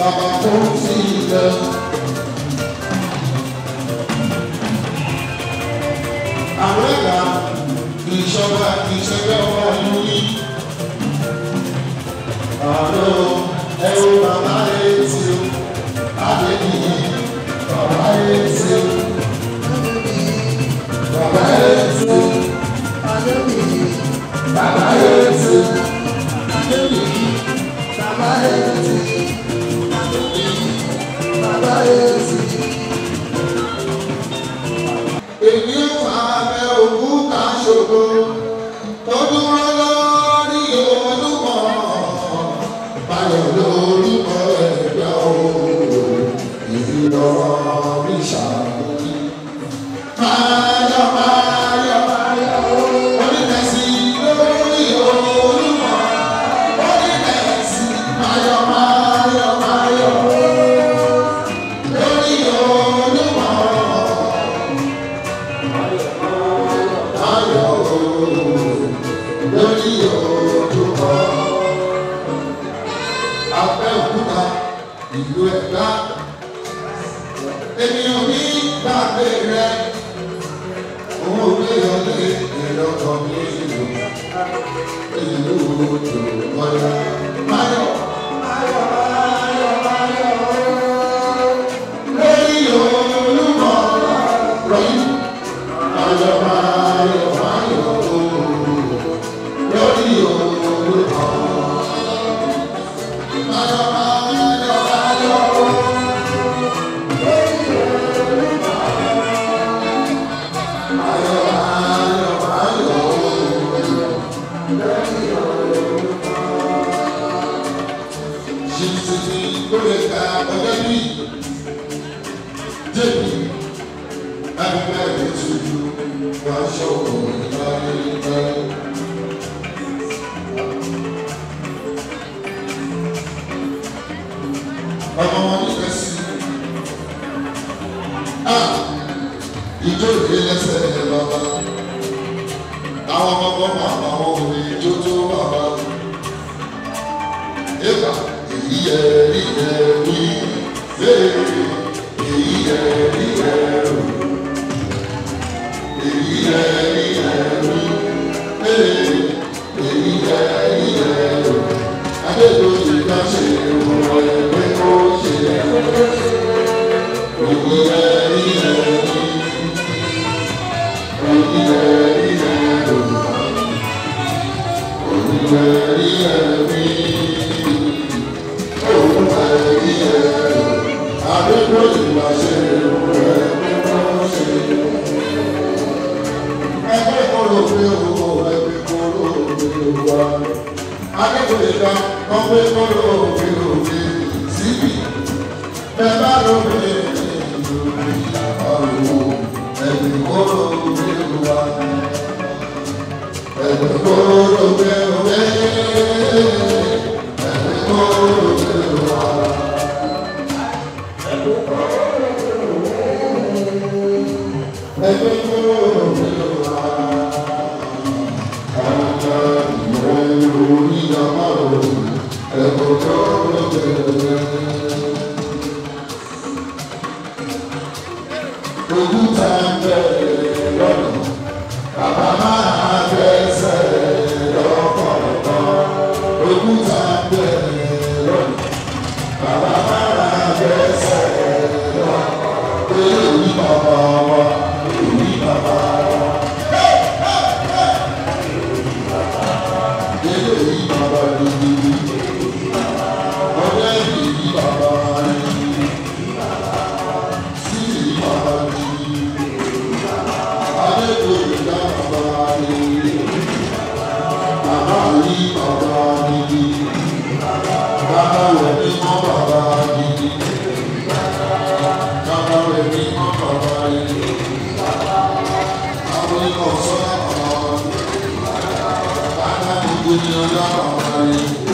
tava torcida Ilu tu maya ló lè gba ọjọ́ bí jébì lágbègbè àìlèṣù wà ṣọ́ọ̀bù nípa nípa. ọmọ wọn ní kẹsì a ìjọ ìdílé lẹsẹ ẹ bàbá àwọn ọmọ ọmọ àwọn òní ìjọ tó bàbá. Yeah. E hey, hey. Thank you. كل نار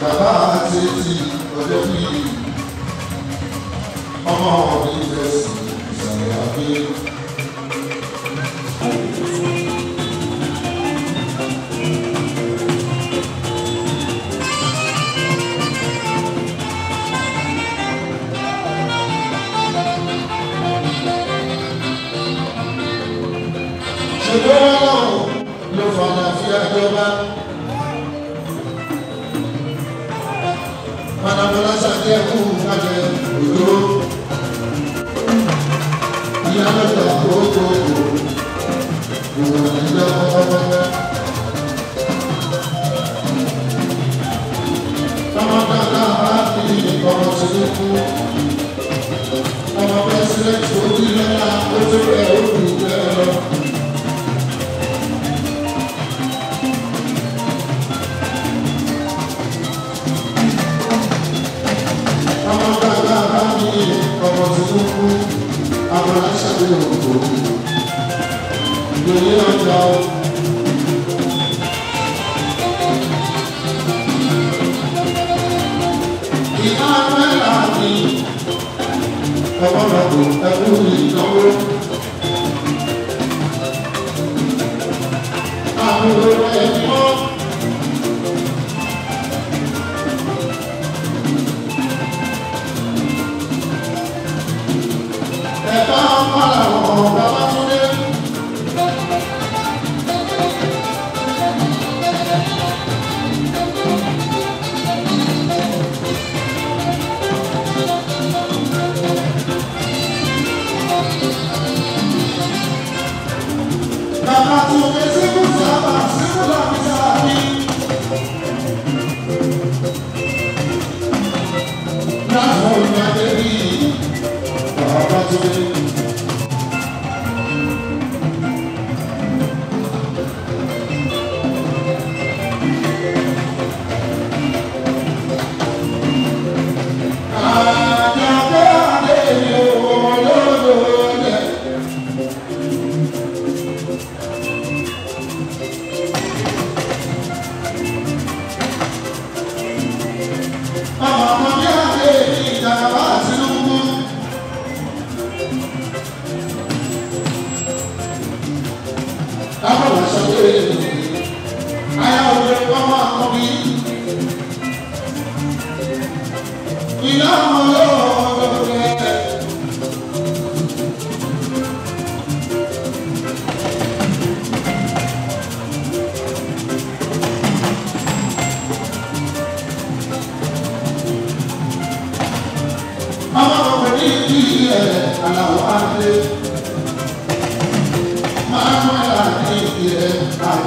bàbá àti ti ọjọ́ bíi ọmọ ọ̀dún ìfẹsì ìsàlẹ̀ abẹ́. ṣùgbọ́n ló fọ̀nà fi ẹjọ́ bá. Mọ̀nàmọ́ná ṣàkẹ́kù kájẹ òjò. Ìyá lọ́jà kókó òwò ìjọ ọmọdé. Tọ́mọdáńdá bá fi ìkọ̀rọ̀ sílé kú. Ọmọ bẹ́ẹ̀ sílẹ̀ tó dín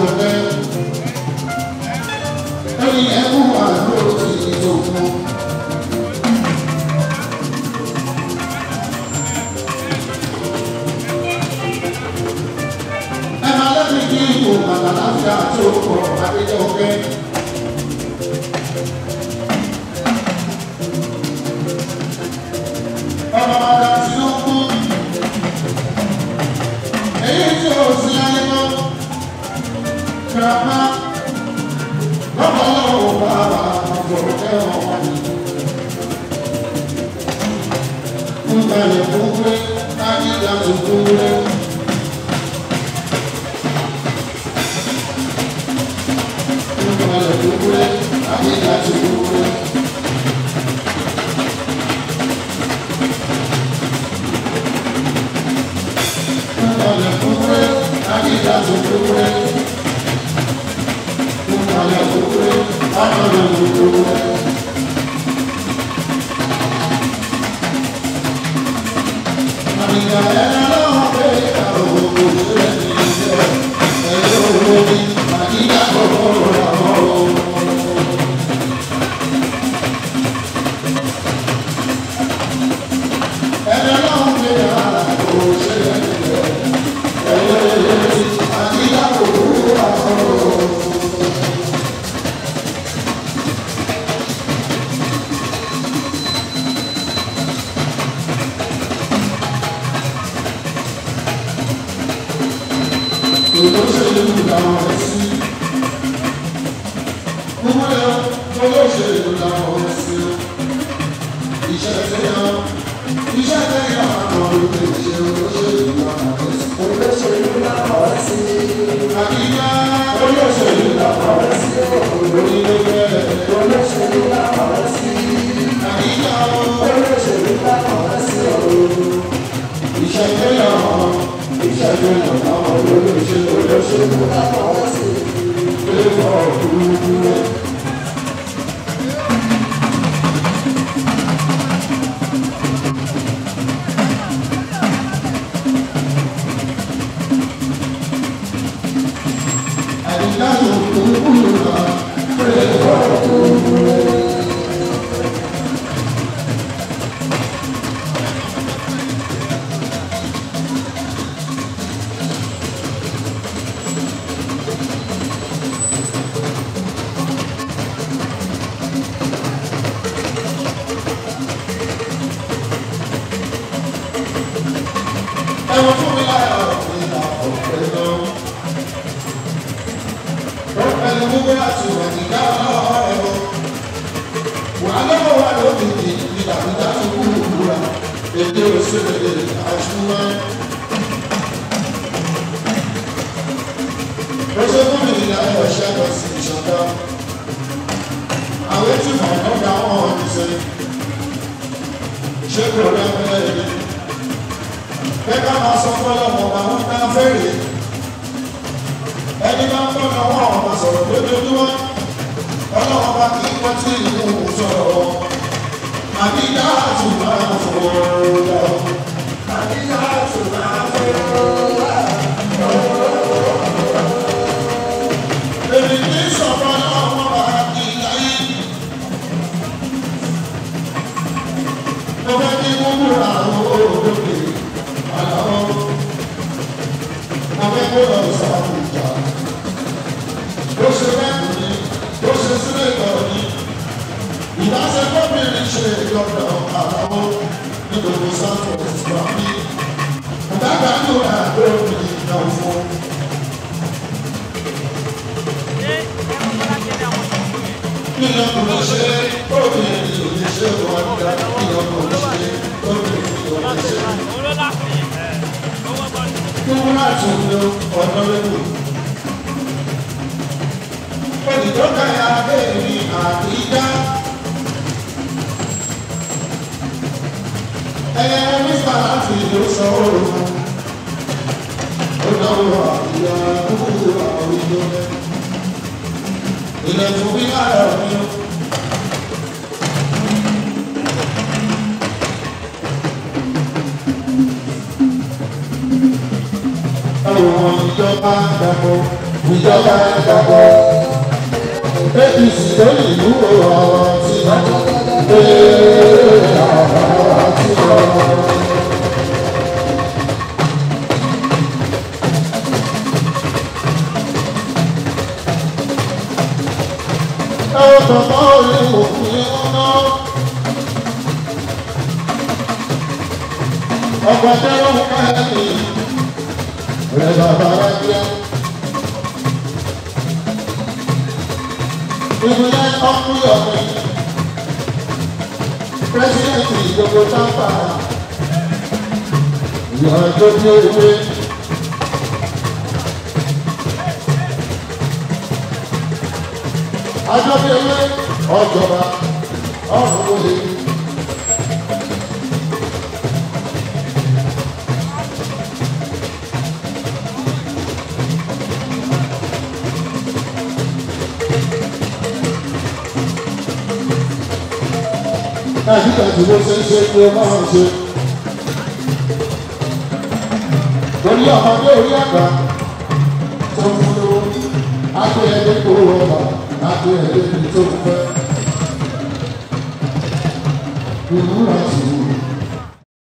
àjọpẹ́ ẹni ẹkún àdúró ti ètò òkun. ẹ máa lẹ́nu kí ipò àlàáfíà tó kọ Adéjọkẹ́. ọmọ ọ̀dà Tinubu èyí tí o sì ayé náà drama lọ́mọ ò bàbá kò tẹ́ wọn. ń bẹ̀rẹ̀ kúkúrẹ́ láyé láti kúkúrẹ́. ń bẹ̀rẹ̀ kúkúrẹ́ láyé láti kúkúrẹ́. ń bẹ̀rẹ̀ kúkúrẹ́ láyé láti kúkúrẹ́. Thank you. làwọn rẹ̀ sí. Mímú lẹ olóṣèlú làwọn rẹ̀ sí. Iṣẹ́ tẹ yọ, iṣẹ́ tẹ yọ àwọn olùdíje olóṣèlú làwọn rẹ̀ sí. Olóṣèlú làwọn rẹ̀ sí. Àbíyá olóṣèlú làwọn rẹ̀ sí. Onílé bẹ́ẹ̀. Olóṣèlú làwọn rẹ̀ sí. Àbíyá olóṣèlú làwọn rẹ̀ sí. Iṣẹ́ tẹ yọ, iṣẹ́ tẹ yọ àwọn olùdíje. Eu Eu vou vou dar dar Deus, ṣẹ́ lọ sí ìṣọ̀dá. Àwọn tí mọ̀ lọ́dà wọn ò ní sẹ́yìn. Ṣé kò rẹ̀ mú ẹ̀rí? Bẹ́ẹ̀ká máa sọ fún ọlọ́mọ àwọn tá a fẹ́ rèé. Ẹni máa ń tọ́nà wọn ọ̀nà you do Ọlọ́run bá kí wọ́n tí ìlú òun sọ̀rọ̀ wọn. Àbí dáhà tún máa fọwọ́ dáhùn. Àbí dáhà tún máa fọwọ́ dáhùn. Ìyá kò lọ ṣe obìnrin kò ní ṣe wọn dá. Ìyá kò lọ ṣe obìnrin kò ní ṣe. Kúmúlá tún lo ọ̀nà lẹ́kùn. Olùdókà ya bẹ́ẹ̀ ni àbídá. Ẹyẹ mísà láti ìlú sọ òru. Ó náwó àbíyá kúkúrú àbíyá ìpìlẹ̀ fún mi lára mi o. Àwọn ìjọba dàpọ̀ ìjọba dàpọ̀ APC tó ìlú ọ̀rọ̀ ti lọ. Ee, àtọ̀mọ́ orí òfin ná. ọkọ̀ tẹ́lẹ̀ ń pa ẹ̀mí rẹ̀ bàbá wa jẹ́. ìpínlẹ̀ ọkùnrin pírẹsidẹ́ǹtì ìjọba tábà ìyọ̀rọ̀ ajọ́bíyẹwé ọjọba ọ̀run ló lè. Ẹ̀jú kẹ̀jú ló ṣe ń ṣe pé máa ń ṣe. Torí ọmọdé orí àgbà tó ń fún lówó, á pé ẹgbẹ́ kó rọ̀ọ̀bà kápẹ́ ẹ̀ débi tó fẹ́. Ìmúra tì í.